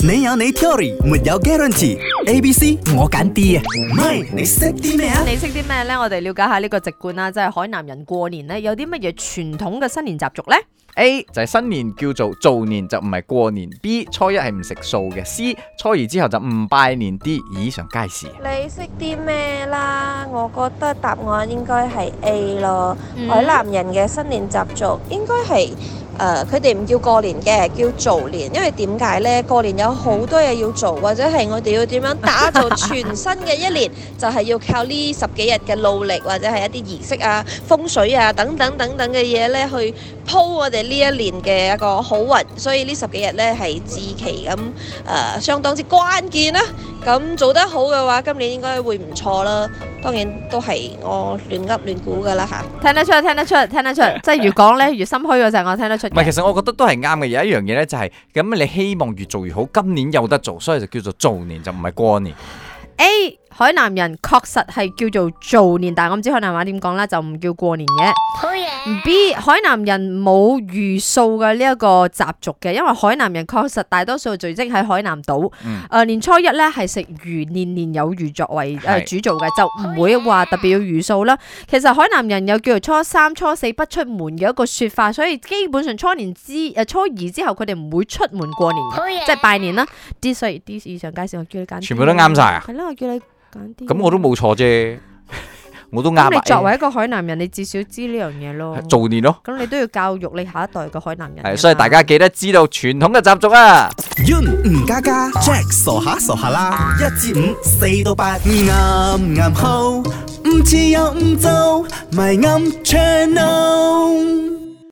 你有你 theory 沒有 guarantee。A、B、C 我揀 D 啊，咪你識啲咩啊？你識啲咩咧？我哋了解下呢個籍貫啦，即係海南人過年咧有啲乜嘢傳統嘅新年習俗咧？A 就係新年叫做做年就唔係過年。B 初一係唔食素嘅。C 初二之後就唔拜年。D 以上皆是。你識啲咩啦？我覺得答案應該係 A 咯。海南人嘅新年習俗應該係誒，佢哋唔叫過年嘅，叫做年。因為點解咧？過年有好多嘢要做，或者係我哋要點樣打造全新嘅一年，就係要靠呢十幾日嘅努力，或者係一啲儀式啊、風水啊等等等等嘅嘢咧，去鋪我哋。呢一年嘅一個好運，所以呢十幾日呢係至期咁，誒相當之關鍵啦。咁做得好嘅話，今年應該會唔錯啦。當然都係我亂噏亂估噶啦嚇。聽得出，聽得出，聽得出，即係越講呢越心虛嗰陣，我聽得出。唔係，其實我覺得都係啱嘅。有一樣嘢呢就係，咁你希望越做越好，今年有得做，所以就叫做做年，就唔係過年。A 海南人確實係叫做做年，但係我唔知海南話點講啦，就唔叫過年嘅。像 B 海南人冇魚數嘅呢一個習俗嘅，因為海南人確實大多數聚積喺海南島。誒、嗯呃、年初一咧係食魚，年年有餘作為誒、呃、是主做嘅，就唔會話特別要魚數啦。其實海南人有叫做初三、初四不出門嘅一個說法，所以基本上初年之誒初二之後，佢哋唔會出門過年，即係像拜年啦。啲所以啲以上介紹，我叫你揀全部都啱晒啊，係啦，我叫你。咁我都冇錯啫，我都啱。你作為一個海南人，你至少知呢樣嘢咯，做年咯。咁你都要教育你下一代個海南人。係，所以大家記得知道傳統嘅習俗啊。yun jack、嗯嗯、傻下傻下，傻下啦，一至五四到八暗暗號，五次有五奏，迷 channel。